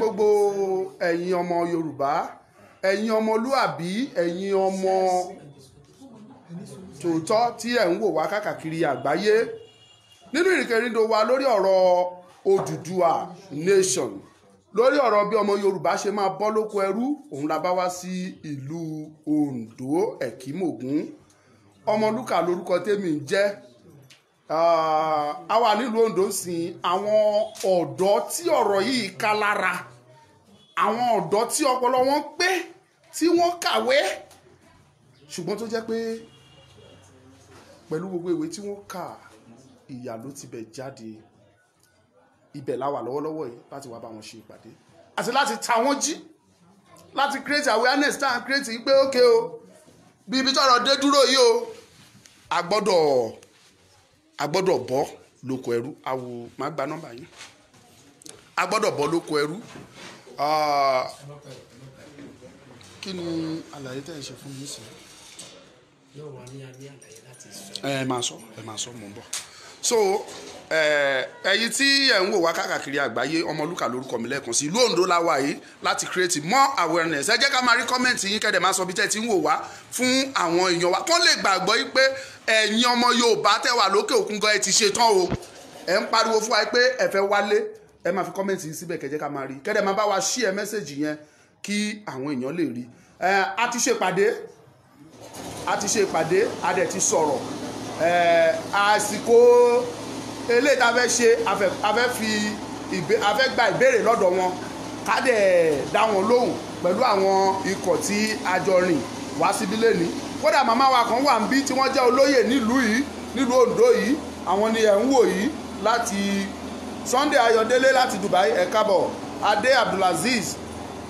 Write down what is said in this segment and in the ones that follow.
gbogbo ẹ̀yin ọmọ Yorùbá ẹ̀yin ọmọlúàbí ẹ̀yin ọmọ tòótọ́ tí ẹ̀ ń wò wá káàkiri àgbáyé nínú ìrìnkèrindò wa lórí ọ̀rọ̀ Odùduwà nation lórí ọ̀rọ̀ bí ọmọ Yorùbá ṣe máa bọ́ lóko ẹrú òun la bá wá sí ìlú Oǹdó Ẹ̀kímògún Ọmọlúkà lórúkọ tèmi ń jẹ́ a wà nílùú Oǹdó sìn àwọn ọ̀dọ́ tí ọ̀rọ̀ yìí ká lára àwọn ọ̀dọ́ tí ọpọlọ wọn pé tí wọ́n kàwé ṣùgbọ́n tó jẹ́ pé pẹ̀lú gbogbo ìwé tí wọ́n kà ìyà ló ti bẹ̀ jáde ibẹ̀ láwà lọ́wọ́lọ́wọ́ yìí láti wá bá wọn ṣe ìpàdé àti láti ta wọ́n jí láti create awareness tá à ń create pé ókè o bí ibi tọrọ dé dúró yìí o a gbọ́dọ̀ a gbọ́dọ̀ bọ́ lóko ẹrú awo má gba nọ́mbà yín a gbọ́dọ̀ bọ́ lóko ẹrú Ah. kí ni àlàyé tẹ̀ ẹ ṣe fún mi sí. yóò wá ní a àlàyé láti sọ. ẹ máa sọ ẹ máa sọ mò ń bọ̀ so ẹ̀yin tí ẹ ń wò wá káàkiri àgbáyé ọmọlúkà lórúkọ mi lẹ́ẹ̀kan sí ìlú Ondo la wà yìí láti create more awareness ẹ jẹ́ ká máa rí kọ́mẹ̀ntì yín kẹ́dẹ̀ máa sọ bí tẹ́ ti ń wò wá fún àwọn èèyàn wa kán lè gbàgbọ́ yìí pé ẹ̀yin ọmọ Yorùbá tẹ́ wà lókè òkun gan ẹ ti ṣe tán o ẹ ń pariwo fún wa pé ẹ fẹ́ wálé ẹ máa fi kọ́mẹ́ǹtì yín síbẹ̀ kẹ́jẹ́ ká máa rí kẹ́dẹ̀ máa bá wa ṣí ẹ mẹ́sẹ̀jì yẹn kí àwọn èèyàn lè rí a ti ṣe ìpàdé a ti ṣe ìpàdé a dẹ̀ ti sọ̀rọ̀ àsìkò eléyìí tá a fẹ́ ṣe a fẹ́ fi a fẹ́ gba ìbéèrè lọ́dọ̀ wọn ká dẹ̀ dá wọn lóhùn pẹ̀lú àwọn ikọ̀ tí a jọ rìn wá síbí lẹ́ni kódà màmá wa kan wà níbí tí wọ́n jẹ́ olóyè nílùú yìí nílùú Oǹdó yìí àwọn ni ẹ̀ ń wò yìí láti Sunday Ayọ̀délé láti Dubai ẹ káàbọ̀ Adé Abdulaziz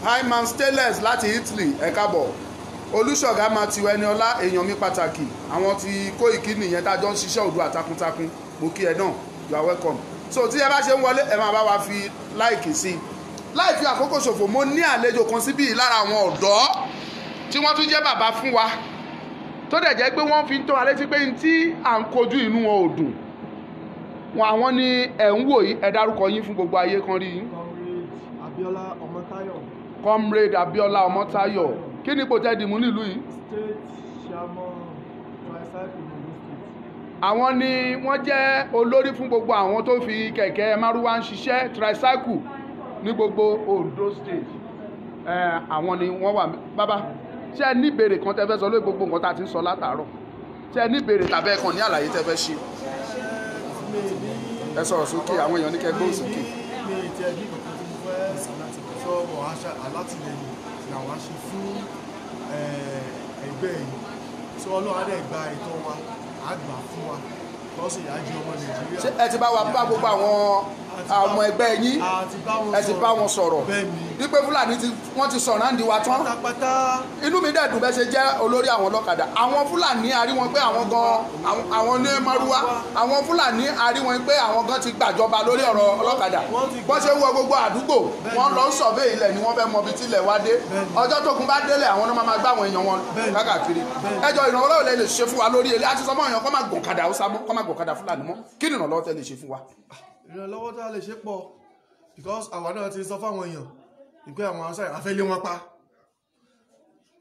Hyman Stainless láti Italy ẹ káàbọ̀ Olúṣọ̀gá Matthew Ẹniọlá èèyàn mi pàtàkì àwọn ti kó ìkíni yẹn tá a jọ ń ṣiṣẹ́ Oòduà takuntakun mo kí ẹ náà you are welcome so tí ẹ bá ṣe ń wọlé ẹ máa bá wa fi láìkì sí i láì fi àkókò ṣòfò mo ní àlejò kan síbí lára àwọn ọ̀dọ́ tí wọ́n tún jẹ́ bàbá fún wa tó dẹ̀ jẹ́ pé wọ́n fi ń tó wa létí pé ní tí à ń kojú inú wọn ò dùn wọn àwọn ní ẹ̀ ń wò yìí ẹ dárúkọ yín fún gbogbo ayé kan rí yín. Abíọ́lá Ọmọ́táyọ̀. comrade Abíọ́lá Ọmọ́táyọ̀ kí ni ipò dìmú nílùú yìí. state chairman tricycle àwọn ni wọ́n jẹ́ olórí fún gbogbo àwọn tó fi kẹ̀kẹ́ márúwá ń ṣiṣẹ́ tricycle ní gbogbo Ondo state àwọn ni wọ́n wà bàbá ṣé ẹ ní ìbéèrè kan tẹ́ fẹ́ sọ lórí gbogbo nǹkan tá a ti ń sọ látàárọ̀ ṣé ẹ ní ìbéèrè tàbí ẹ̀kan ní àlàyé tẹ́ fẹ́ ṣe ẹ sọ̀rọ̀ sókè àwọn èèyàn ní kẹ́ gbóhùn sókè. mi ò tiẹ̀ ní kankan tí mo fẹ́ sọ ọ̀ alátìlẹyìn làwọn á ṣe fún eh, ẹgbẹ́ yìí sọ ọlọ́run á dẹ̀ gba ìtọ́ wa á gbà fún wa lọ́sìn ìyájú ṣé ẹ ti bá wa bá gbogbo àwọn àwọn ẹgbẹ́ yín ẹ sì bá wọn sọ̀rọ̀ wípé fúlàní wọ́n ti sọ̀rọ̀ náà di wa tán inú mi dẹ̀ dùn bẹ́ẹ̀ ṣe jẹ́ olórí àwọn ọlọ́kadà àwọn fúlàní arí wọn pé àwọn gan àwọn ní mọ́rúwá àwọn fúlàní arí wọn pé àwọn gan ti gbàjọba lórí ọ̀rọ̀ ọlọ́kadà wọ́n ṣe wọ gbogbo àdúgbò wọ́n lọ ń sọ̀vé ilẹ̀ ni wọ́n fẹ́ mọ ibi tí ilẹ̀ wá dé ọjọ́ tógun bá délé àwọn náà máa gbá àwọn èèyàn wọn káàkiri ẹjọ́ ìrànlọ́wọ́ lè ṣe fún wa lórí ilé àti sọmọ èèyàn kọ́ máa gbọ̀kadà Haúsá mọ́ kọ́ máa gbọ̀kadà Fúlàní mọ́ kí ni ìrànlọ́wọ́ tẹ́ lè ṣe fún wa ìrànlọ́wọ́ tá a lè ṣe pọ̀ because àwa náà ti sọ fáwọn èèyàn ìpé àwọn aṣáyà afẹ́lé wọn pa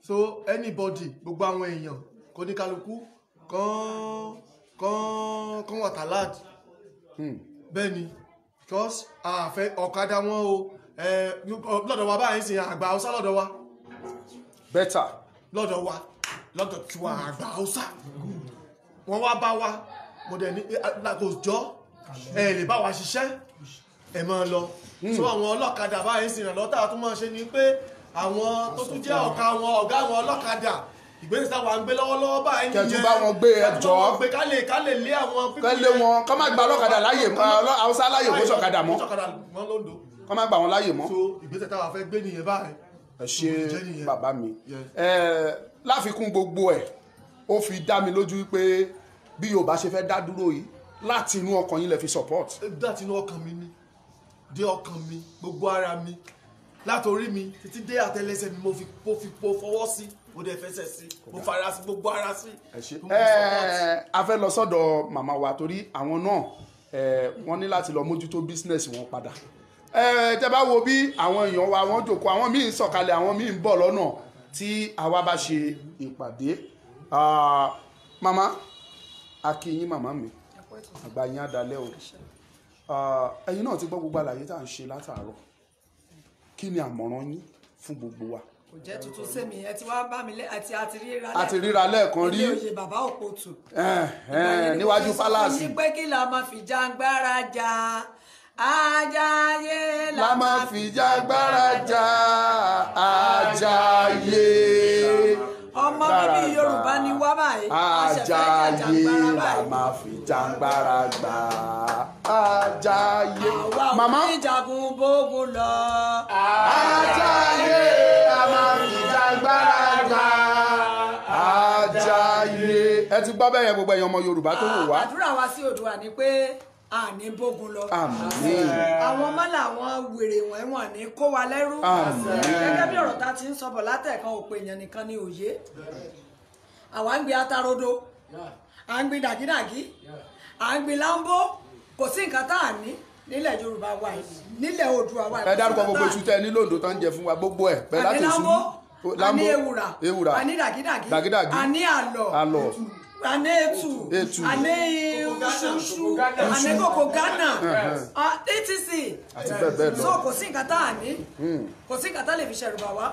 so anybody gbogbo àwọn èèyàn kò ní kálukú kan wà tàlàd hmm. bẹ́ẹ̀ ni because àfẹ́ ọ̀kadà wọn o lọ́dọ̀ wa báyìí sìn àgbà haúsá lọ́dọ̀ wa better lọ́dọ̀ wa lọ́dọ̀ tiwa àgbà haúsá wọ́n wá bá wa mo dẹ̀ ní eh, kò jọ́ ẹ lè bá wa ṣiṣẹ́ ẹ máa lọ tó hmm. àwọn ọlọ́kadà báyìí sì ìrànlọ́wọ́ tá a máa ṣe ni pé àwọn tó tún jẹ́ ọ̀gá àwọn ọ̀gá àwọn ọlọ́kadà ìgbésẹ̀ táwa ń gbé lọ́wọ́lọ́wọ́ báyìí nìyẹn kẹjú bá wọn gbé ẹjọ́ gbé ká lè lé àwọn pípé ká lé wọn kọ́ má gba ọlọ́kadà láàyè haúsá láàyè kó sọ̀kadà mọ́ kọ́ má gba wọn láàyè mọ́. ìgbésẹ̀ táwa fẹ́ gbé nìyẹn báyìí. ẹ ṣe bàbá mi láfikún gbogbo ẹ ó fi dá mi lójú pé bí Yorùbá ṣe fẹ́ dá dúró yìí láti inú ọkàn yín lè fi support. láti inú ọkàn mi ni dé ọkàn mi gbogbo ara mi látòrí mi títí dé àtẹ́lẹsẹ̀ mi mo fi mo fi mo fọwọ́ sí mo dẹ̀ fẹsẹ̀ sí mo fara sí gbogbo ara sí. ẹ a fẹ́ lọ sọ́dọ̀ màmá wa torí àwọn náà wọ́n ní láti lọ mójútó business wọn padà tẹ́ bá wo bí àwọn èèyàn wa wọ́n jókòó àwọn míì ń sọ̀kalẹ̀ àwọn míì ń bọ̀ lọ́nà tí àwa bá ṣe ìpàdé ah, màmá a kí yín màmá mi àgbà yín àdálẹ́ o ẹ̀yin náà ti gbọ́ gbogbo àlàyé tá à ń ṣe látàárọ̀ kí ni àmọ̀ràn yín fún gbogbo wa. kò jẹ́ tuntun sẹ́mi ẹ ti wá bá mi lẹ́ àti àti ríra lẹ́ẹ̀kan àti rí ilé òye bàbá òpótù. níwájú pálásì. ìyí pé kí la fi jàǹgbára jà la máa fi jàǹgbára jà ajáyé ọmọ bíbí yorùbá ni wá báyìí àjàyè la máa fi jàǹgbára gbà àjàyè màmá àwa ò ní jagun bógun lọ àjàyè la máa fi jàǹgbára gbà àjàyè. ẹ ti gbọ́ bẹ́ẹ̀ yẹn gbogbo ẹ̀yin ọmọ yorùbá tó wù wá. àdúrà wa sí Oòduà ni pé àní bógun lọ. àwọn mọ́là àwọn wèrè wọ̀nyí ní kó wa lẹ́rú. gẹ́gẹ́ bí ọ̀rọ̀ ta ti ń sọ̀bọ̀ látẹ̀kan òpè èèyàn nìkan ni òye. àwa ń gbé atarodo à ń gbé dàgídàgí à ń gbé láńbó kò sí nǹkan tá à ní nílẹ̀ yorùbá wa yìí nílẹ̀ oòdùà wa yìí. ẹ dárúkọ gbogbo iṣu tẹ ní lóńdó tó ń jẹ fún wa gbogbo ẹ bẹ́ẹ̀ láti sùn. àní ewùrà àní dàgídàgí àní àlọ àní Etu. àní ṣuṣu ànẹ́kọ̀kọ̀ Ghana atc so kò sí nǹkan tá a ní kò sí nǹkan tá a lè fi ṣẹ̀rù bà wá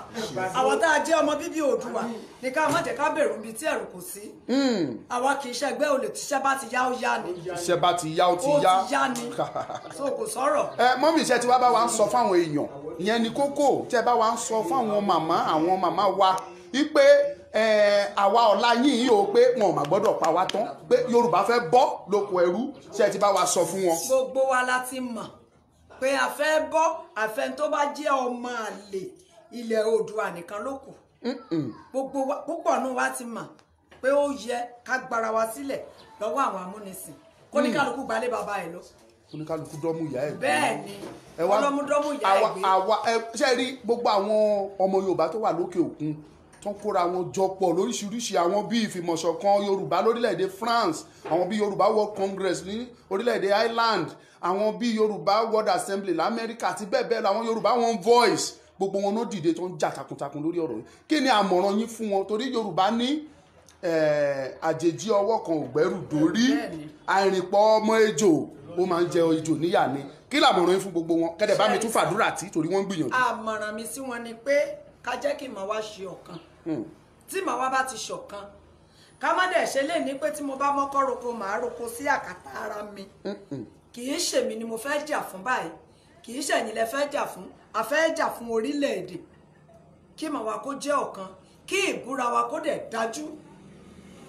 àwa tá a jẹ́ ọmọ bíbí Oòduà ní ká má jẹ́ ká bẹ̀rù ibi tí ẹ̀rù kò sí àwa kì í ṣẹgbẹ́ olè tíṣẹ́ bá ti yá ó yá ni iṣẹ́ bá ti yá ó ti yá ó ti yá ni so kò sọ̀rọ̀. ẹ mọ́mí iṣẹ́ tí wàá bá wa ń sọ fáwọn èèyàn ìyẹn ni kókó tẹ́ bá wa ń sọ fáwọn màmá àwọn màmá wa wípé àwa ọ̀la yìí yìí o pé wọn ò mà gbọ́dọ̀ pa wá tán pé Yorùbá fẹ́ bọ́ lóko ẹrú ṣe ti bá wa sọ fún wọn. gbogbo wa la ti mọ̀ pé a fẹ́ bọ́ àfẹn tó bá jẹ́ ọmọ àlè ilẹ̀ Oòduà nìkan ló kù gbogbo púpọ̀ nù wa ti mọ̀ pé ó yẹ ká gbara wa sílẹ̀ lọ́wọ́ àwọn amúnisìn kó ní mm. bàbá ẹ̀ lọ oníkálukú dọ́mú ìyá ẹ̀ bẹ́ẹ̀ni ọlọ́mú dọ́mú ìyá ẹ̀ gbé ṣe rí gbogbo àwọn ọmọ Yorùbá tó wà lókè òkun tó ń kóra wọn jọpọ̀ lóríṣiríṣi àwọn bíi ìfìmọ̀ṣọ̀kan yorùbá lórílẹ̀‐èdè france àwọn bíi yorùbá world congress ní orílẹ̀‐èdè ireland àwọn bíi yorùbá world assembly lamẹ́ríkà àti bẹ́ẹ̀ bẹ́ẹ̀ làwọn yorùbá one voice gbogbo wọn ló dìde tó ń jà takuntakun lórí ọ̀rọ̀ yìí kí ni àmọ̀ràn yín fún wọn torí yorùbá ní àjèjì ọwọ́ kan ò dórí àìrìnpọ̀ ọmọ ejò ó máa ń jẹ ejò níyà ni kí làmọ̀ràn yín fún gbogbo wọn kẹ́dẹ̀ bá mi tún fàdúrà tí torí wọ́n ń gbìyànjú. àmọ̀ràn mi sí wọn ni pé ká jẹ́ kí n wá ṣe ọ̀kan Hmm. tí màá wá bá ti ṣọ̀kan ká má dẹ̀ ṣe lè ní pé tí mo bá mọ́kọ́ roko màá roko sí àkàtà ara mi hmm. kì í ṣèmi ni mo fẹ́ jà fún báyìí kì í ṣẹ̀yìn lẹ fẹ́ jà fún a fẹ́ jà fún orílẹ̀-èdè kí màá wa kó jẹ́ ọ̀kan kí ìbúra wa kó dẹ̀ dájú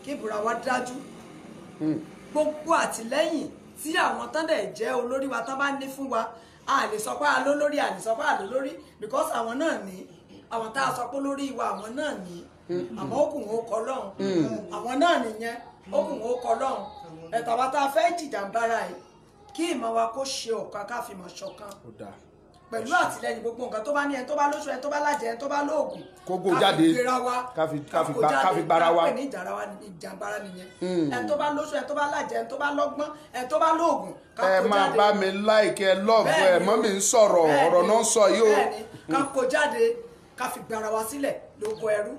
kí ìbúra wa dájú hmm. gbogbo àtìlẹ́yìn tí àwọn tán dẹ̀ jẹ́ olórí wa tán bá ní fún wa a lè sọ pé a lólórí because àwọn náà ní àwọn tá a sọ pé lórí ìwà àwọn náà ní hmm. àmọ́ òkùn ó kọ lọ́hùn hmm. àwọn náà nìyẹn òkùn ó kọ lọ́hùn ẹ̀tọ́ wa tá a fẹ́ jìjàmbára yìí kí ìmọ̀ wa kó ṣe ọ̀kan káfíìmọ̀ ṣọ̀kan pẹ̀lú àtìlẹyìn gbogbo nǹkan tó bá ní ẹni tó bá lóṣù ẹni tó bá lájẹ ẹni tó bá lóògùn kógó jáde káfi gbára wa ní ìjàmbára nìyẹn ẹni tó bá lóṣù ẹni tó bá lájẹ ẹni tó bá lọ́gbọ́n ẹni tó bá lóògùn kákó jáde ẹ máa bá mi láìkẹ́ lọ́ọ̀bù ẹ̀ mọ́ mi ń sọ̀rọ̀ ọ̀rọ̀ náà sọ yìí o kákó jáde ká fi gbara wa sílẹ̀ lóko ẹrú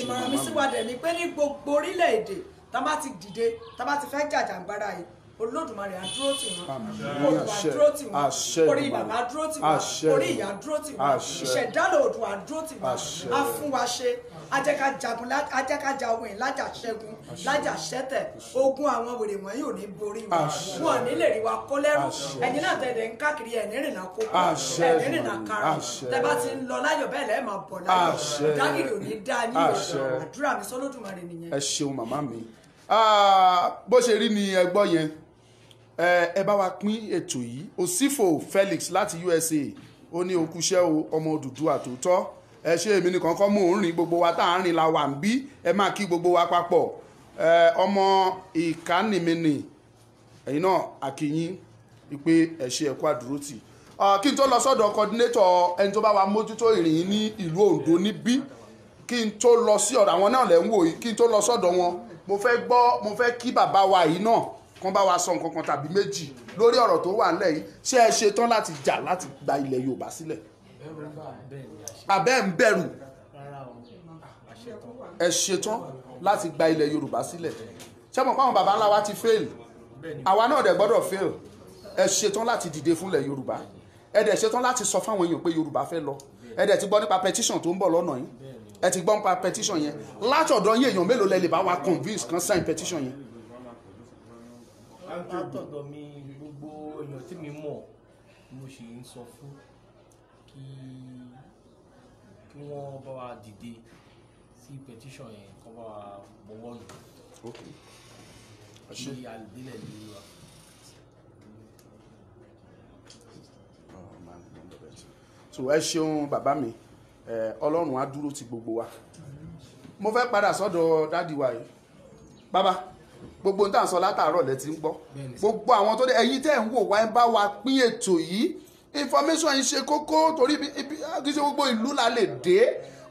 ìmọ̀ràn mi síwájú ni pé ní gbogbo orílẹ̀-èdè tá bá ti dìde tá bá ti fẹ́ jàjàǹgbara yìí olódùmarè àdúró tì wọn olùwà dúró tì wọn orí bàbá dúró tì wọn orí ìyá dúró tì wọn ìṣẹ̀dálò òdùwà tì wọn á ajẹ́ká jagun ajẹ́ká ja ogun yìí lájà ṣẹ́gun lájà ṣẹ́tẹ̀ ogun àwọn wèrè wọ̀nyí ò ní borí wọn wọn ní lè rí wa kó lẹ́rù ẹ̀yin náà tẹ̀lé ń káàkiri ẹ̀ní rìnnà kópa ẹ̀ní rìnnà kára tẹ bá ti ń lọ láyọ̀ bẹ́ẹ̀ lẹ́ẹ̀ máa bọ̀ láyọ̀ dágìrì ò ní dá yín àdúrà mi sọ́lódùmarè nìyẹn. ẹ ṣeun màmá mi ah, bó ṣe rí ni ẹ gbọ́ yẹn ẹ bá wa pín ètò yìí òsífò Felix láti USA ó ní okúṣẹ́ o ọmọ Odùduwà tòótọ́ ẹ ṣe èmi nìkan kọ́ mò ń rìn gbogbo wa tá à ń rìn la wà ń bí ẹ máa kí gbogbo wa papọ̀ ọmọ ìkànnìmínì ẹ̀yin náà àkìyín ìpè ẹ ṣe ẹ̀kọ́ àdúrótì kí n tó lọ sọ́dọ̀ kọ́dínétọ̀ ẹni tó bá wa mójútó ìrìn ní ìlú Oǹdó níbí kí n tó lọ sí ọ̀dọ̀ àwọn náà lẹ́ ń wò yìí kí n tó lọ sọ́dọ̀ wọn mo fẹ́ gbọ́ mo fẹ́ kí bàbá wa yìí náà kán bá wa sọ nǹkan kan tàbí méjì lórí ọ̀rọ̀ tó wà ńlẹ̀ yìí ṣé ẹ ṣetán láti jà láti gba ilẹ̀ Yorùbá sílẹ̀ abẹ́ ń bẹ̀rù ẹ ṣetán láti gba ilẹ̀ yorùbá sílẹ̀ ṣé mo pa àwọn baba ńlá wa ti fail àwa náà dẹ̀ gbọ́dọ̀ fail ẹ ṣetán láti dìde fúnlẹ̀ yorùbá ẹ dẹ̀ ṣetán láti sọ fáwọn èèyàn pé yorùbá fẹ́ lọ ẹ dẹ̀ ti gbọ́ nípa petition tó ń bọ̀ lọ́nà yìí ẹ ti gbọ́ nípa petition yẹn látọ̀dọ̀ yín èèyàn mélòó lẹ lè bá wa convince kan sign petition yẹn. látọ̀dọ̀ mi gbogbo èèyàn tí mi mọ̀ mo sì ń sọ fún kí kí wọ́n bá wa dìde sí petition yẹn kó bá wa bọ́wọ́ lù kí alùdílẹ̀ lè wà. so ẹ ṣeun bàbá mi ọlọ́run á dúró ti gbogbo wa mo fẹ́ padà sọ́dọ̀ dádì wa yìí bàbá gbogbo n tà ń sọ látàárọ̀ lẹ ti ń gbọ́ gbogbo àwọn tó dé ẹ̀yin tẹ́ ń wò wá ẹ bá wa pín ètò yìí information yìí ṣe kókó torí ah, kí ṣe gbogbo ìlú la lè dé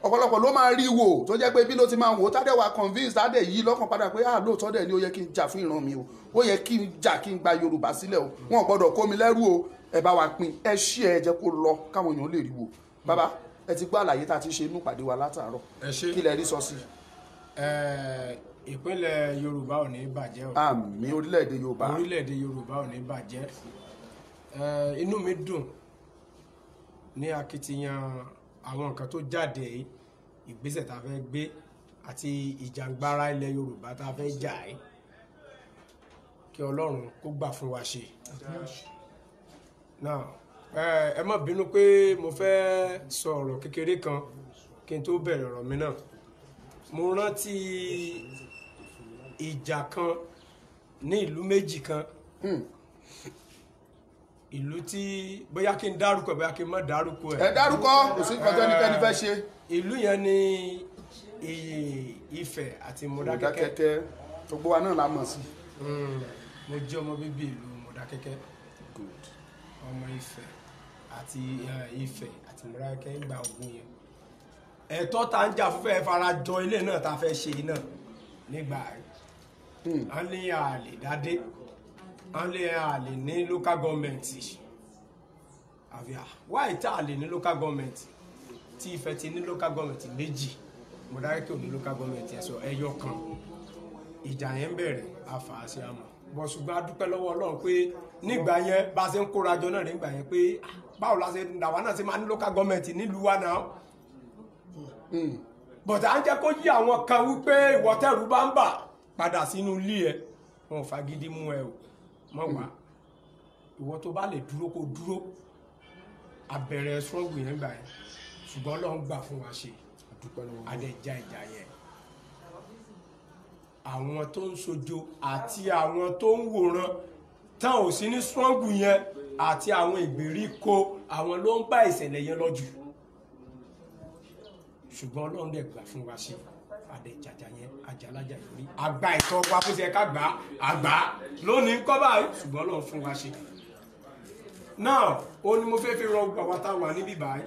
ọ̀pọ̀lọpọ̀ ló máa rí wò tó jẹ́ pé bí ló ti máa wò tádẹ̀ wà convince tádẹ̀ yìí lọ́kàn padà pé ah lóòótọ́ dẹ̀ ni ó yẹ kí n jà fún ìran mi o ó yẹ kí n jà kí n gba Yorùbá sílẹ̀ o wọn ò gbọ́dọ̀ kó mi lẹ́rú o ẹ bá wa pín ẹ ṣí ẹ jẹ́ kó lọ káwọn èèyàn lè rí wò bàbá ẹ ti gbọ́ àlàyé tá a ti ṣe inú ìpàdé wa látàárọ̀ kí lẹ rí sọ sí. ìpínlẹ̀ Yorùbá ò ní bàjẹ́ o. àmín orílẹ̀-èdè Yorùbá. orílẹ̀-èdè Yorùbá ò ní bàjẹ́ Eh, inú mi dùn ní akitiyan àwọn nǹkan tó jáde yìí ìgbésẹ̀ tá a fẹ́ gbé àti ìjàngbara ilẹ̀ Yorùbá tá a fẹ́ jà yìí kí Ọlọ́run kó gbà fún wa ṣe. now eh, ẹ má bínú pé mo fẹ́ sọ ọ̀rọ̀ kékeré kan kí n tó bẹ̀rẹ̀ ọ̀rọ̀ mi náà mo rántí ìjà kan ní ìlú méjì kan. Hmm ìlú tí bóyá kí n dárúkọ bóyá kí n má dárúkọ ẹ. ẹ dárúkọ kò sí nǹkan tó ẹnikẹ́ni fẹ́ ṣe. ìlú yẹn ni Ifẹ̀ àti Mọdákẹ́kẹ́ gbogbo wa náà la mọ̀ sí. Mm. mo jẹ́ ọmọ bíbí ìlú Mọdákẹ́kẹ́ ọmọ Ifẹ̀ àti Ifẹ̀ àti Mọdákẹ́kẹ́ ìgbà ogun yẹn ẹ̀tọ́ tá ń jà fúnfẹ́ farajọ ilé náà tá fẹ́ ṣe náà nígbà rẹ̀ wọ́n hmm. ní àlè dádé wọ́n lé a le ní local government àbíà wáyé tá a lè ní local government tí Ifẹ̀ ti ní local government méjì Mọdákẹ́kẹ́ o ní local government ẹ̀sọ́ ẹyọ kan ìjà yẹn bẹ̀rẹ̀ àfàásí àmọ́ bọ̀ ṣùgbọ́n a dúpẹ́ lọ́wọ́ Ọlọ́run pé nígbà yẹn bá a ṣe ń kóra jọ náà nígbà yẹn pé báwo la ṣe làwa náà ṣe máa ní local government ni luwa na. bọ̀dà á ń jẹ́ kó yí àwọn kan wípé ìwọ́tẹ̀rù bá ń bà padà sínú ilé ẹ̀ wọn ò fagídí mú ẹ o mọ̀ wá ìwọ tó bá lè dúró kó dúró abẹ̀rẹ̀ sọ́ọ̀gù yẹn gbà yẹn ṣùgbọ́n Ọlọ́run gbà fún wa ṣe adẹ́jà ìjà yẹn àwọn tó ń sojo àti àwọn tó ń wòran tán ò sí ní sọ́ọ̀gù yẹn àti àwọn ìgbèríko àwọn ló ń bá ìṣẹ̀lẹ̀ yẹn lọ́jù ṣùgbọ́n Ọlọ́run dẹ̀ gbà fún wa ṣe àdẹ jàjà yẹn àjàlájà ìlórí. àgbà ìtọ́ wa kó ṣe ká gbà á àgbà á lónìí kọ́ báyìí ṣùgbọ́n Ọlọ́run fún wa ṣe. náà ó ní mo fẹ́ẹ́ fi rọ gbà wá tá a wà níbí báyìí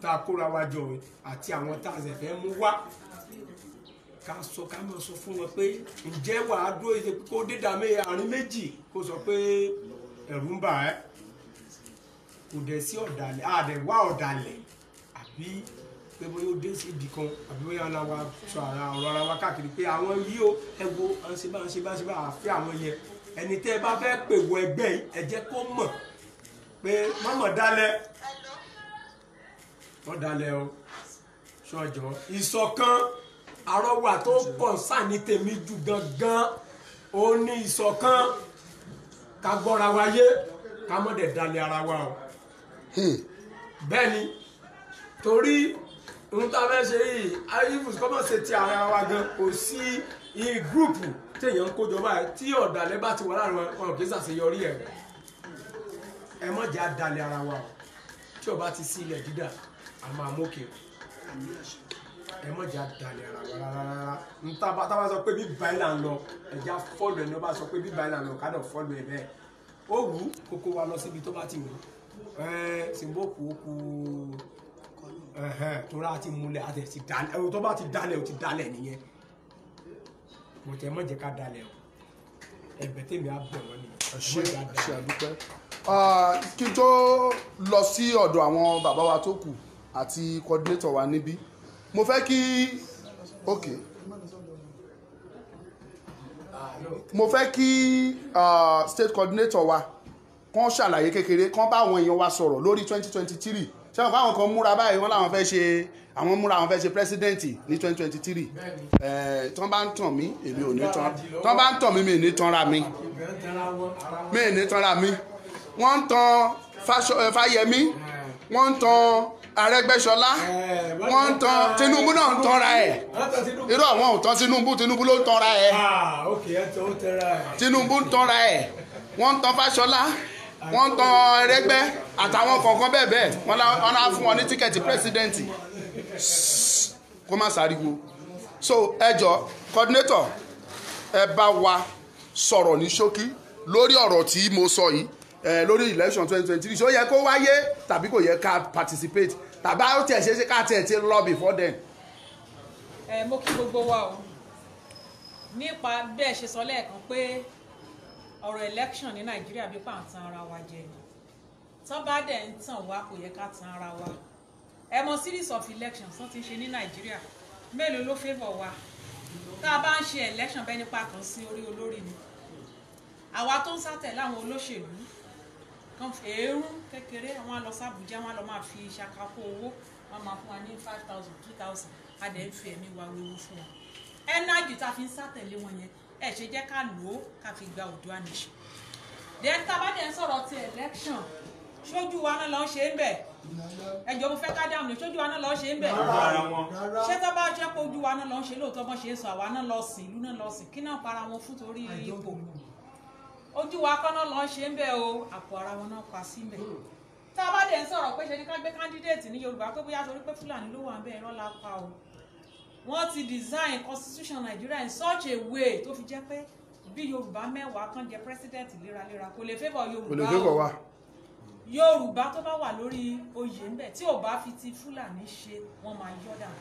tá a kóra wa jọ àti àwọn tá a fẹ́ mú wá ká sọ ká máa sọ fún wọn pé ǹjẹ́ wàá dúró ìṣe kó dédà mé àárín méjì kó sọ pé ẹ̀rù ń bà ẹ́ kò dẹ̀ sí ọ̀dàlẹ̀ àdẹ̀wá ọ̀dàlẹ̀ àbí pé bóyá ó dé sí ibì kan àbí bóyá ọ̀nà wa sọ ara ọ̀rọ̀ ara wa káàkiri pé àwọn yìí ó ẹ wo ṣebá ṣebá ṣebá àfi àwọn yẹn ẹni tẹ́ ẹ bá fẹ́ pè wọ ẹgbẹ́ yìí ẹ jẹ́ kó mọ̀ pé mọ̀mọ̀ dalẹ̀ wọ́n dalẹ̀ o ṣọ́jọ́ ìṣọ̀kan àrọ́wà tó kọ̀ǹsà ní tèmi jù gangan ó ní ìṣọ̀kan ká gbọ́ra wa yé ká mọ̀ dẹ̀ dalẹ̀ ara wa o hmm. bẹ́ẹ̀ ni torí ohun tá a fẹ́ ṣe yìí ayífù kọ́mọ̀ ṣe ti ara wa gan kò sí gúrùpù téèyàn ń kójọ báyìí tí ọ̀dàlẹ̀ bá ti wà láàrin wọn kì í ṣàṣeyọrí ẹ̀ ẹ mọ̀ jẹ́ àdàlẹ̀ ara wa o tí ọba ti sí ilẹ̀ dídà a máa mókè ẹ mọ̀ jẹ́ àdàlẹ̀ ara wa rárá ntába tába sọ pé bíbá ẹ̀ là ń lọ ẹ̀já fọ́ọ̀lù ẹ̀ ní ọba sọ pé bíbá ẹ̀ là ń lọ kádọ̀ fọ́ọ̀lù ẹ̀ bẹ́ẹ̀ ó wù kókó wa lọ síbi tó bá ti wù ẹ̀ sìnbó kú ó kú torí a ti múlẹ̀ a ti dalẹ̀ ẹ̀rọ tó bá ti dalẹ̀ o ti dalẹ̀ nìyẹn kò tẹ́ mọ̀ jẹ́ ká dalẹ̀ o ẹ̀bẹ̀ tèmi á bẹ̀ wọ́n nìyẹn. ṣe àdúpẹ́ kí n tó lọ sí ọ̀dọ̀ àwọn bàbá wa tó kù àti coordinator wa níbí mo fẹ́ kí ok mo fẹ́ kí state coordinator wa kàn ṣàlàyé kékeré kàn bá àwọn èèyàn wa sọ̀rọ̀ lórí twenty twenty three ṣé wọn fáwọn kan múra báyìí wọn làwọn fẹ́ ṣe àwọn múra àwọn fẹ́ ṣe pírẹsidẹ́ǹtì ní twenty twenty three ẹ̀ eh, tí wọ́n bá ń tàn mí èmi ò ní tàn tí wọ́n bá ń tàn mí mi ní tanra mi mi ní tanra mi wọ́n ń tan eh, Fáyẹmí eh. wọ́n ń tan Arẹ́gbẹ́ṣọlá wọ́n ń tan Tinubu náà ń tanra ẹ̀ irú àwọn ò tan Tinubu Tinubu ló ń tanra ẹ̀ ah, Tinubu ń tanra ẹ̀ wọ́n ń tan Fáṣọlá wọ́n ń tan ẹrẹ́gbẹ́ àtàwọn kọ̀ọ̀kan bẹ́ẹ̀ bẹ́ẹ̀ wọ́n á fún wọn ní tíkẹ́ẹ̀tì pírẹ́sidẹ́ǹtì kó má sáriwo so ẹjọ́ coordinator ẹ bá wa sọ̀rọ̀ ní ṣókí lórí ọ̀rọ̀ tí mo sọ yìí lórí election twenty twenty three ṣó yẹ kó wáyé tàbí kò yẹ ká participate tàbá ó tiẹ̀ ṣe é ṣe ká tiẹ̀ ti lọ before then. ẹ mo kí gbogbo wa o nípa bí ẹ ṣe sọ lẹ́ẹ̀kan pé ọ̀rọ̀ election ní nàìjíríà bí pa à ń tan ara wa jẹ ni tán bá dẹ̀ ń tàn wá kò yẹ ká tan ara wa ẹ mọ series of election tó ti ń ṣe ní nàìjíríà mélòó ló favour wa tá a bá ń ṣe election bẹ́ẹ̀ nípa kan sí orí olórí ni àwa tó ń sátẹ̀ láwọn olóṣèlú kan èérú kékeré wọn á lọ sábùjá wọn á lọ máa fi ṣàkàkọ owó wọn máa fún wa ní five thousand two thousand a dẹ̀ ń fi ẹ̀mí wa wewu fún wa ẹnájì tá a fi ń sátẹ̀lé wọn yẹn ẹ ṣe jẹ́ ká lò ó ká fi gba Oòduà nation. then tá a bá dẹ̀ ń sọ̀rọ̀ ti election ṣojú wa náà lọ ṣe ń bẹ̀ ẹjọ́ mo fẹ́ ká dáhùn ní ṣojú wa náà lọ ṣe ń bẹ̀ ṣé tó bá jẹ́ pé ojú wa náà lọ ṣe lóòótọ́ bọ́n ṣe ń sọ àwa náà lọ sìn ìlú náà lọ sìn kí náà para wọn fún torí ipò ojú wa kọ́ náà lọ ṣe ń bẹ̀ o àpò ara wọn náà pa sí bẹ̀ tá a bá dẹ̀ ń sọ̀rọ̀ pé ṣe ni ká gbé kándídéètì ní Yorùbá pé bóyá torí pé Fúlàní ló wà ń bẹ̀ ẹ̀rọ la pa o wọ́n ti design constitution Nigeria in such a way tó fi jẹ́ pé bí Yorùbá mẹ́wàá kan jẹ́ president léraléra kò lè favour Yorùbá o kò lè favour wa yorùbá tó bá wà lórí oyè ńbẹ tí ò bá fi ti fúlàní ṣe wọn máa yọ dànù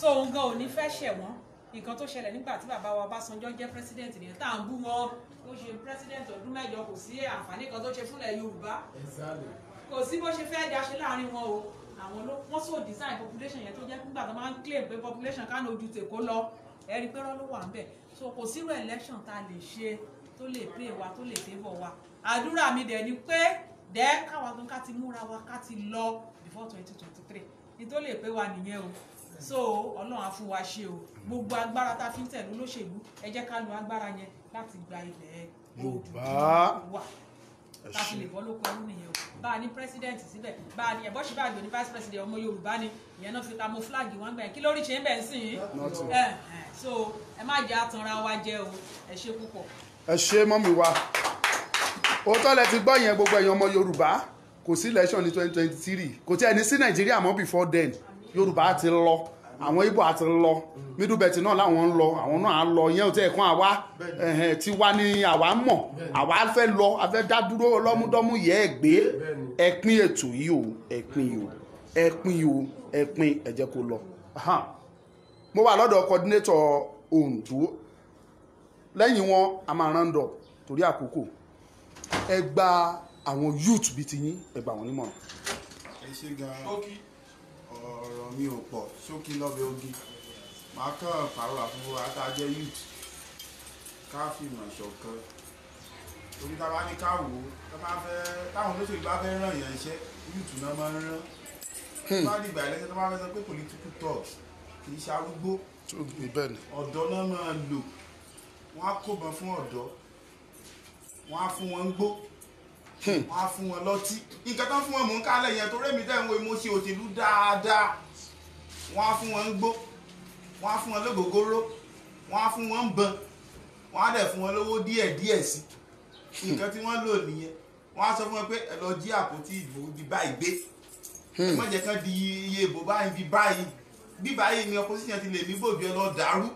so òun gan ò ní fẹ́ ṣẹ̀ wọ́n nǹkan tó ṣẹlẹ̀ nígbà tí bàbá wa Ọbásanjọ́ jẹ́ pírẹsidẹ́ǹtì nìyẹn tá à ń bú wọn ó ṣe pírẹsidẹ́ǹtì ọdún mẹ́jọ kò sí àǹfààní kan tó ṣe fúnlẹ̀ yorùbá kò sí bó ṣe fẹ́ daṣe láàrin wọn o làwọn ló wọ́n so design population yẹn tó jẹ́ nígbà tó máa ń claim pé population Kánò ju tèkó lọ ẹ̀rí pé rán ló wà ńbẹ̀ so kò sírò election tá a lè ṣe tó lè pè wá tó lè favour wa àdúrà mi dẹ̀ ni pé dẹ́ káwa gan ká ti múra wa ká ti lọ before twenty twenty three ní tó lè pé wa nìyẹn o so ọlọ́run á fún wa ṣe o gbogbo agbára tá a fi ń tẹ̀lé olóṣèlú ẹ jẹ́ ká lo agbára yẹn láti gba ilẹ̀ Yorùbá wa láti lè bọ́ ló kọ ọdún nìyẹn o bá a ní president síbẹ̀ bá a ní ẹ̀bọ́ ṣe bá a gbé ní vice president ọmọ yorùbá ni ìyẹn náà fi camouflage wọn gbẹ̀ kí lórí ṣe ń bẹ̀ ń sìn ẹ̀ so ẹ má jẹ́ àtànra wa jẹ́ o ẹ ṣe púpọ̀. ẹ ṣe mọ́mí wa òótọ́ lẹ ti gbọ́ yẹn gbogbo ẹ̀yàn ọmọ yorùbá kò sí election ní twenty twenty three kò tí ẹni sí nàìjíríà mọ́ before then yorùbá ti lọ àwọn Ìgbò àti lọ middle belt náà làwọn ń lọ àwọn náà á lọ ìyẹn ò tẹ́ ẹ̀kan àwa ti wá ní àwa mọ̀ àwa fẹ́ lọ a fẹ́ dá dúró ọlọ́múdọ́mú yẹ ẹ gbé ẹ̀pin ètò yìí o ẹ̀pin yìí o ẹ̀pin yìí o ẹ̀pin ẹ jẹ́ kó lọ. mo wà lọ́dọ̀ coordinator Ondo lẹ́yìn wọn a máa round up torí àkókò ẹ gba àwọn youth bíi ti yín ẹ gbà wọ́n nímọ̀ràn. ẹ ṣe gan-an ọ̀rọ̀ mi ò pọ̀ sókè lọ́bẹ̀ ogi màá kàn pàrọ̀ àfúnfún adájẹ́ youth ká fìmọ̀ ṣọ̀kan torí tá a bá ní ká wò ó tá a bá fẹ́ táwọn olóṣèlú bá fẹ́ ràn yàn iṣẹ́ youth náà máa ń rán bá dìgbà ẹlẹ́sẹ̀ tó bá fẹ́ sọ pé political talk kì í ṣe arúgbó ọ̀dọ́ náà máa lò wọ́n á kóbọn fún ọ̀dọ́ wọ́n á fún wọn gbó Hmm. wọ́n á fún wọn lọ́tí nǹkan tó ń fún wọn mò ń kálẹ̀ yẹn torí èmi dẹ́hùn èmo ṣe òṣèlú dáadáa wọ́n á fún wọn ń gbó wọ́n á fún wọn lógógóró wọ́n á fún wọn ń bọ́n wọ́n á dẹ̀ fún wọn lówó díẹ̀ díẹ̀ sí nǹkan tí wọ́n lò nìyẹn wọ́n á sọ fún wọn pé ẹ lọ jí àpótí ìbò di báyìí gbé hmm. ẹ má jẹ́ kán di iye ìbò báyìí di báyìí bí báyìí ni opposition ti lè ní bòbí ẹ lọ dàrú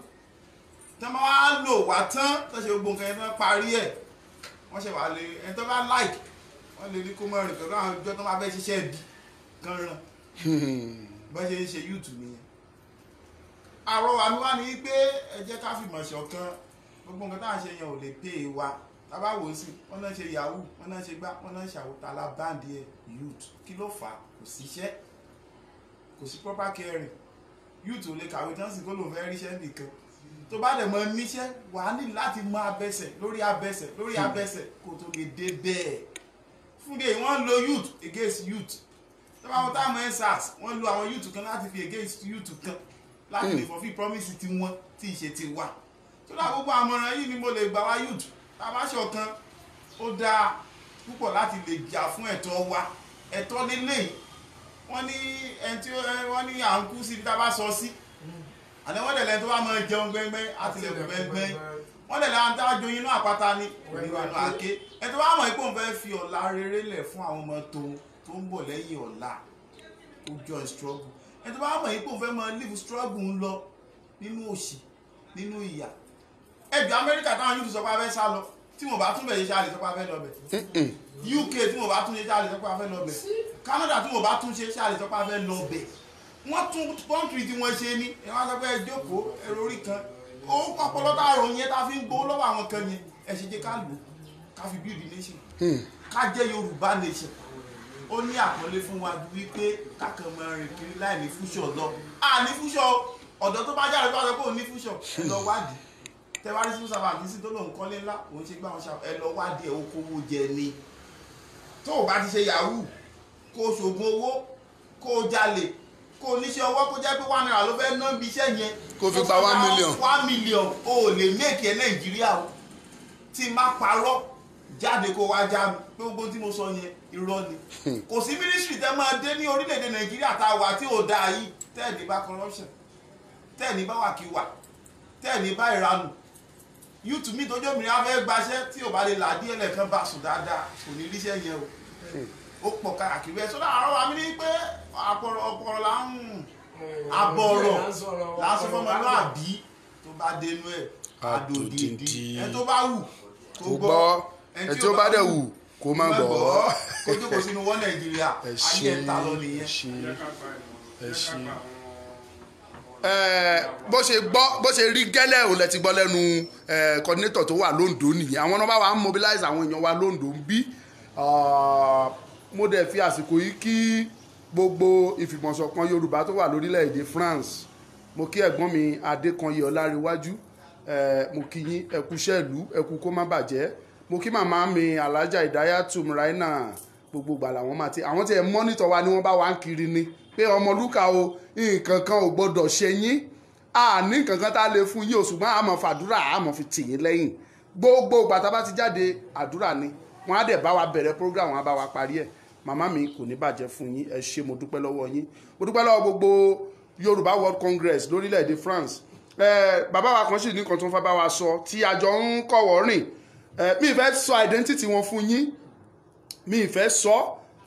tán máa wá lò wá tán tó ṣe gbogbo nǹkan yẹn tán parí ẹ wọ́n ṣe wà lè ẹni tó bá like wọ́n lè ní kó mọ̀ rìn pẹ̀lú àwọn ọjọ́ tó máa fẹ́ ṣiṣẹ́ ẹ̀bí gan ran bọ́n ṣe ń ṣe yúùtù nìyẹn àrọwà mi wá ní pé ẹ jẹ́ ká fìmọ̀ ṣọ̀kan gbogbo nǹkan tá à ń ṣe yẹn ò lè pè é wa tábà wò ó sì wọ́n náà ṣe yahoo wọ́n náà ṣe gbá wọ́n náà ṣe àwòtá alábàndì ẹ̀ youth kí ló fà á kò síṣẹ́ kò sí proper caring youth ò lè kàwé tán sì kó lòun fẹ́ ríṣẹ́ nìkan tó bá dẹ̀ mọ níṣẹ́ wàá ní láti mọ abẹsẹ̀ lórí abẹsẹ̀ lórí abẹsẹ̀ kó tó lè dé bẹ́ẹ̀ fún de wọ́n lo youth against youth tó bá wọn táwọn ensars wọ́n lo àwọn youth kan láti fi against youth kan láti hmm. lè fọ́ fi promise ti wọn tí ìṣe ti wà tó dá gbogbo àmọ̀ràn yìí ni mo lè gbà wá youth tá a bá ṣọ̀kan ó dáa púpọ̀ láti lè jà fún ẹ̀tọ́ wa ẹ̀tọ́ nílé wọ́n ní ẹni tí wọ́n ní à ń kú síbi tá a bá sọ sí hmm. àlẹ́ wọ́n dẹ̀ lẹ́ni tó bá máa jẹun gbẹ́ngbẹ́ng àtìlẹ́kùn gbẹ́ngbẹ́ng wọ́n lè láwọn tájọ inú àpáta ni ìwà inú àké ẹ tó bá mọ̀ pé òun fẹ́ fi ọ̀la rere lẹ̀ fún àwọn ọmọ tòun tó ń bọ̀ lẹ́yìn ọ̀la ó jọ struggle ẹ tó bá mọ̀ pé òun fẹ́ mọ live struggle ń lọ nínú òṣì nínú ìyà ẹgbẹ́ Amẹ́ríkà táwọn yóò sọ pé abẹ́ sá lọ tí mo bá tún bẹ̀ yìí ṣáàlì sọ pé abẹ́ lọ bẹ̀ UK tí mo bá tún ṣe ṣáàlì sọ pé abẹ́ lọ bẹ̀ Canada tí mo bá tún ṣe ṣáàlì sọ pé abẹ́ lọ bẹ̀ wọ́n tún kọ́ńtì tí wọ́n ṣe ní ẹ wá sọ pé ẹ jókòó ẹ rorí kan òun kọ ọ̀pọ̀lọpọ̀ àrùn yẹn tá a fi ń gbowó lọ́wọ́ àwọn kan yẹn ẹ ṣe jẹ́ ká lò ó ká fi build nation hmm. ká jẹ́ Yorùbá nation ó ní àpọ́nlé fún wa ju wípé kákan máa rìn kiri láì ní fúṣọ̀ lọ à ní fúṣọ̀ ọ̀dọ́ tó bá jáde tó bá sọ pé òun ní fúṣọ̀ ẹ lọ wádìí tẹwárí sí sábà kì sí tó lóun kọ́lé ńlá òun ṣe gbá wọn ṣá ẹ lọ wádìí ẹ okòwò jẹ ni tó o bá ti ṣe yahoo kó o ṣògùn owó kó o jalè kó o níṣẹ́ ọwọ́ kó jẹ́ pé wà náírà ló fẹ́ ná ibi iṣẹ́ yẹn kò fi one million. one million o ò lè méèkì ẹ nàìjíríà o tí n bá parọ́ jáde kó wá já gbogbo tí mo sọ yẹn irọ́ ni hmm. kò sí mínísírì tẹ́ máa dé ní orílẹ̀-èdè nàìjíríà tá a wà tí ò dáa yìí tẹ́ẹ̀ní bá corruption tẹ́ẹ̀ní bá wàkíwà tẹ́ẹ̀ní bá ìranù youth mi tó jómìnira afẹ́ gbaṣẹ́ tí ò bá lè là díẹ̀ lẹ́ẹ̀kan bá sùn dáadáa kò ní ríṣẹ́ yẹn o hmm. ó pọ̀ káàkiri ẹ̀ sọ́dọ̀ àárọ̀ wa mi ní pé àpọ̀rọ̀ ọ̀pọ̀rọ̀ là ń abọ̀rọ̀ lásán fọmọ inú àbí tó bá dénú ẹ̀ àdòdìdì ẹ tó bá wù kó gbọ́ ẹ tí ó bá dẹ̀ wù kó má gbọ́ kó jókòó sínú wọ́n nàìjíríà ayé ẹ̀ta lọ nìyẹn. bó ṣe gbọ́ bó ṣe rí gẹ́lẹ́ ò lẹ ti gbọ́ lẹ́nu coordinator tó wà lóńdó nìyẹn àwọn ọba wa ń mobilize àwọn èèyàn wa lóńdó ń bí mo dẹ̀ fi àsìkò yìí kí gbogbo ìfìmọ̀ṣọ̀kan yorùbá tó wà lórílẹ̀‐èdè france mo kí ẹ̀gbọ́n mi adékanyè ọláréwájú mo kí yín ẹ̀kú sẹ́ẹ̀lú ẹ̀kú kó má bàjẹ́ mo kí màmá mi alájà ìdáyàtú mùráínà gbogbo gbà làwọn máa ti àwọn tí ẹ mọ́nítọ̀ wa ni wọ́n bá wá ń kiri ni pé ọmọlúkà o nǹkan kan ò gbọ́dọ̀ ṣe yín àní nǹkan kan tá a lè fún yín o ṣùgbọ́n a máa fàdúrà a máa fi tì yín lẹ́yìn gbogbo gbàtà bá ti jáde àdúrà ni wọ́n á dẹ̀ bá wa bẹ̀rẹ̀ program wọn á bá wa parí ẹ̀ màmá mi kò ní bàjẹ́ fún yín ẹ ṣé mo dúpẹ́ lọ́wọ́ yín mo dúpẹ́ lọ́wọ́ gbogbo Yorùbá World Congress lórílẹ̀‐èdè France bàbá wa kan sì ní kan tó ń fa bá wa sọ tí àjọ ń kọ̀wọ́ rìn mi fẹ́ sọ identity wọn fún yín mi fẹ́ sọ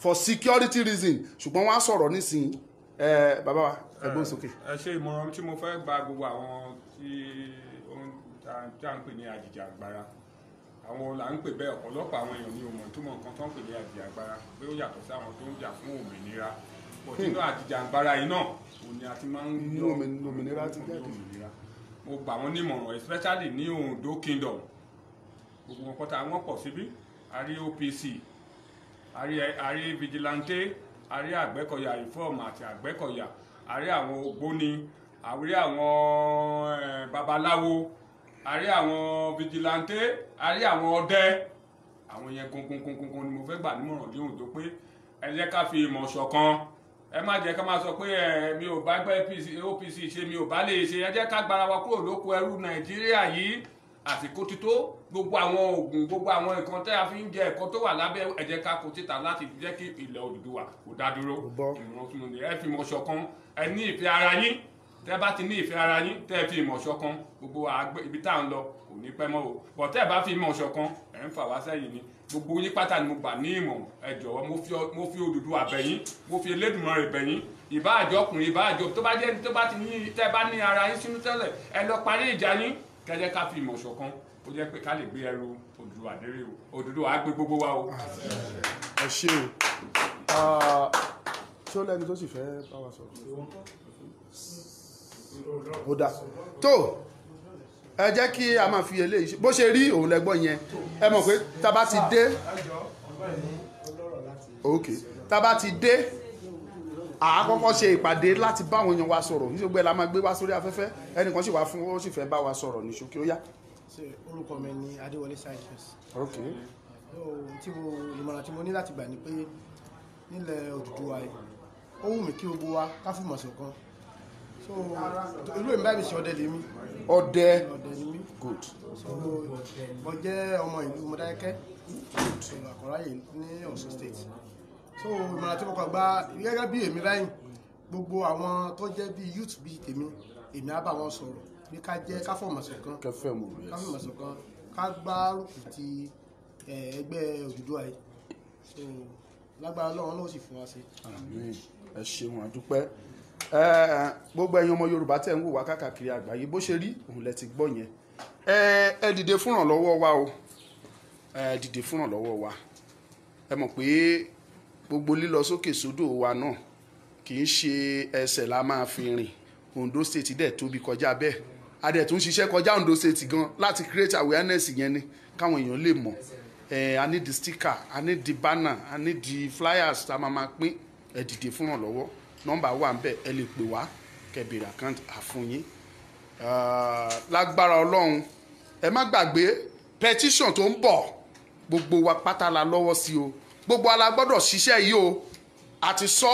for security reason ṣùgbọ́n wọ́n á sọ̀rọ̀ nísìnyí bàbá wa ẹgbọ́n sókè. ẹ ṣe ìmọ̀ràn tí mo fẹ́ gba gbogbo àwọn tí ó ń ta ń pè ní àjìjàgbara àwọn là ń pè bẹ́ẹ̀ ọ̀pọ̀lọpọ̀ àwọn èèyàn ní òmò ìtumọ̀ nǹkan tó ń pè ní àjìjàgbara pé ó yàtọ̀ sí àwọn tó ń jà fún òmìnira pọ̀ hmm. nínú àjìjàgbara yìí náà òun ni a ti máa ń ní òmìnira ti jáde mo gbà wọ́n nímọ̀ràn especially ní Ondo Kingdom gbogbo wọn pọ́tà wọ́n pọ̀ síbí a OPC a vigilante a rí reform àti Àgbẹ̀kọ̀yà a àwọn ògbóni a àwọn eh, babaláwo a rí àwọn fìjìláńtẹ a rí àwọn ọdẹ àwọn yẹn kunkunkunkunkun ni mo fẹ́ gbà nímọ̀ràn díhùn tó pé ẹ jẹ́ ká fi ìmọ̀ ṣọ̀kan ẹ má jẹ́ ká máa sọ pé ẹ mi ò bá gbẹ́ OPC ṣe mi ò bá lè ṣe ẹ jẹ́ ká gbára wa kúrò lóko ẹrú Nàìjíríà yìí àsìkò ti tó gbogbo àwọn oògùn gbogbo àwọn nǹkan tẹ́ a fi ń jẹ ẹ̀kọ́ tó wà lábẹ́ ẹ jẹ́ ká kó síta láti jẹ́ kí ilẹ̀ Odùduwà kó dá dúró ìmọ̀ ẹ fi mọ̀ ṣọ̀kan ẹ ní ìfẹ́ ara yín tẹ́ bá ti ní ìfẹ́ ara yín tẹ́ fi ìmọ̀ ṣọ̀kan gbogbo ibi tá à ń lọ kò ní pẹ́ mọ́ o bọ̀ tẹ́ bá fi ìmọ̀ ṣọ̀kan ẹ̀ ń fà wá sẹ́yìn ni gbogbo yín pátá ni mo gbà ní ìmọ̀ràn ẹ jọ̀wọ́ mo fi Odùduwà bẹ̀ yín mo fi Elédùmarè bẹ̀ yín ìbá àjọkùnrin ìbá àjọ tó bá jẹ́ tó bá ti ní tẹ́ bá ní ara yín sínú tẹ́lẹ̀ ẹ lọ parí ìjà yín kẹ́jẹ́ ká fi ìmọ̀ ṣọ̀kan ó jẹ́ pé ká lè gbé ẹrù Odùduwà dérè o Odùduwà á gbé gbogbo wa o. ẹ ṣe o ah, ṣó lẹni tó sì fẹ́ bá wa sọ̀rọ̀ ó dà tó ẹ jẹ́ kí a máa fi eléyìí bó ṣe rí òun lẹ́gbọ́ yẹn ẹ mọ̀ pé tá bá ti dé ok tá bá ti dé a kọ́kọ́ ṣe ìpàdé láti bá àwọn èèyàn wa sọ̀rọ̀ nítorí gbẹ́ la máa gbé wá sórí afẹ́fẹ́ ẹnìkan sì wá fún ó sì fẹ́ bá wa sọ̀rọ̀ ní ṣókí ó yá. orúkọ mi ni adéwọlé sanchez. ok. tí mo ìmọ̀ràn tí mo ní láti gbà ni pé nílẹ̀ Odùduwà ó wù mí kí gbogbo wa ká fìmọ̀ so irú èmi báyìí ṣe ọdẹ lèmi. ọdẹ good. mo jẹ́ ọmọ ìlú Mọdákẹ́kẹ́ ìlú Àkọ́ráyè ní Ọ̀ṣun state so ìmọ̀ràn tí mo kàn gba gẹ́gẹ́ bí èmi báyìí gbogbo àwọn tó jẹ́ bí youth bíi tèmi èmi á bá wọn sọ̀rọ̀ bí ká jẹ́ ká fọ̀mọ̀sọ̀ kan ká fọ̀mọ̀sọ̀ kan ká gbárùkù ti ẹgbẹ́ Odùduwà yìí lágbára lọ́wọ́ náà ó sì fún wa ṣe. ẹ ṣeun àdúpẹ́ gbogbo ẹ̀yin ọmọ yorùbá tẹ̀ ń wò wá káàkiri àgbáyé bó ṣe rí òun lẹ ti gbọ́ yẹn ẹ dìde fúnrànlọ́wọ́ wa o ẹ dìde fúnrànlọ́wọ́ wa ẹ mọ̀ pé gbogbo lílọ sókè sódò wa náà kì í ṣe ẹsẹ̀ la máa fi rìn Ondo State dẹ̀ tóbi kọjá bẹ́ẹ̀ a dẹ̀ tún ṣiṣẹ́ kọjá Ondo State gan láti create awareness yẹn ni káwọn èèyàn lè mọ̀ eh, a need the sticker a need the banner a need the flyers tá a máa máa pín ẹ dìde fúnrànlọ́wọ́ nọ́mbà wà ńbẹ̀ ẹ lè pè wá kẹbìrì àkáǹtì àfúnyín ah, lágbára ọlọ́run ẹ má gbàgbé petition tó ń bọ̀ gbogbo wa pátá la lọ́wọ́ sí o gbogbo ala gbọ́dọ̀ ṣiṣẹ́ yìí o àti sọ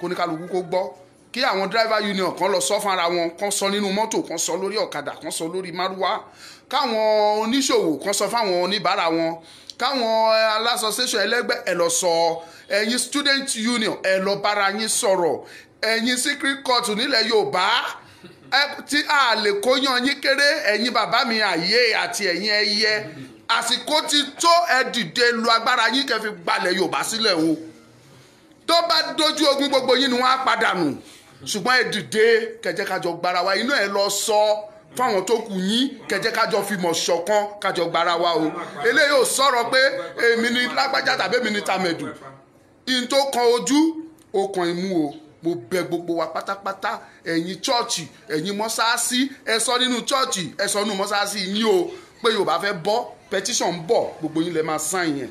kó ní kó gbọ́ kí àwọn driver union kan lọ sọ fúnra wọn kan sọ nínú mọ́tò kan sọ lórí ọ̀kadà kan sọ lórí márúwá káwọn oníṣòwò kan sọ fáwọn oníbàárà wọn káwọn eh, alásọsẹsọ ẹlẹgbẹ́ ẹ lọ sọ ẹ̀yin student union ẹ lọ bára yín sọ̀rọ̀ ẹ̀yin secret court nílẹ̀ Yorùbá tí a lè kóyan yín kéré ẹ̀yin bàbá mi àyè àti ẹ̀yin ẹyẹ àsìkò ti tó ẹ dìde lu agbára yín kẹfì gbalẹ̀ Yorùbá sílẹ̀ o tó bá dojú ogun gbogbo yín ni wọ́n á padà nù ṣùgbọ́n ẹ dìde kẹjẹ kájọ wa inú ẹ lọ sọ. So, fáwọn tó kù yín kẹjẹ kájọ fìmọ̀ ṣọ̀kan kájọ gbára wa o eléyìí ò sọ̀rọ̀ pé èmi ni lágbájá tàbí èmi ni tàmẹ̀dù in tó kan ojú ó kan imú o mo bẹ̀ gbogbo wa pátápátá ẹ̀yin chọ́ọ̀chì ẹ̀yin mọ́sáàsì ẹ sọ nínú chọ́ọ̀chì ẹ sọ nínú mọ́sáàsì yín o pé yorùbá fẹ́ bọ́ petition ń bọ̀ gbogbo yín lè máa sign yẹn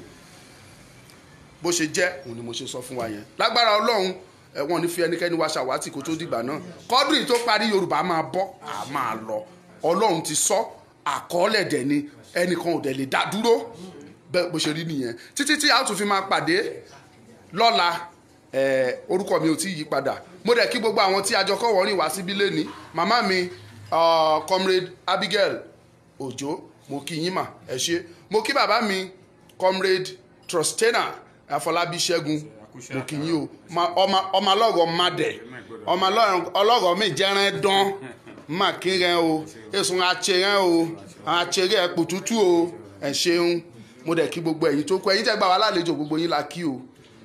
bó ṣe jẹ́ òun ni mo ṣe sọ fún wa yẹn lágbára ọlọ́run wọn ní fi ẹnikẹ́ni wá ṣàwátì kó tó dìgbà náà kọ́dùrì tó parí yorùbá máa bọ́ a máa lọ ọlọ́run ti sọ àkọọ́lẹ̀ dẹ̀ ni ẹnìkan ò dẹ̀ lè dá dúró bẹ́ẹ̀ bó ṣe rí nìyẹn títí tí a tún fi máa pàdé lọ́la orúkọ mi ò tí yí padà mo dẹ̀ kí gbogbo àwọn tí àjọkọ̀ wọ́n rìn wá síbí lẹ́ni màmá mi comrade Abigail Òjó mo kí yín mà ẹ ṣé mo kí bàbá mi comrade Trustena Afọlábí Ṣẹ́gun mo kì í o ọmọ ọlọ́rọ̀ má dẹ̀ ọmọ mi jẹ́rán dán má kí rẹ̀ o èsùn àtsẹ̀rẹ̀ o àtsẹ̀rẹ̀ ẹ̀pọ̀ tútù o ẹ ṣeun mo dẹ̀ kí gbogbo ẹ̀yin tó kú ẹ̀yin tẹ́ gbà wá lálejò gbogbo yín la kí o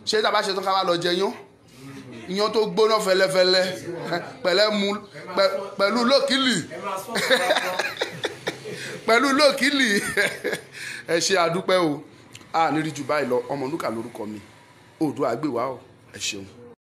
ṣé tá a bá ṣe tán ká wá lọ jẹ yán ìyàn tó gbóná fẹlẹfẹlẹ pẹ̀lú lókìlì pẹ̀lú lókìlì ẹ ṣe àdúpẹ́ o a ní jù báyìí lọ Ọmọlúkà lórúkọ mi oòdùà gbè wá o ẹ ṣeun.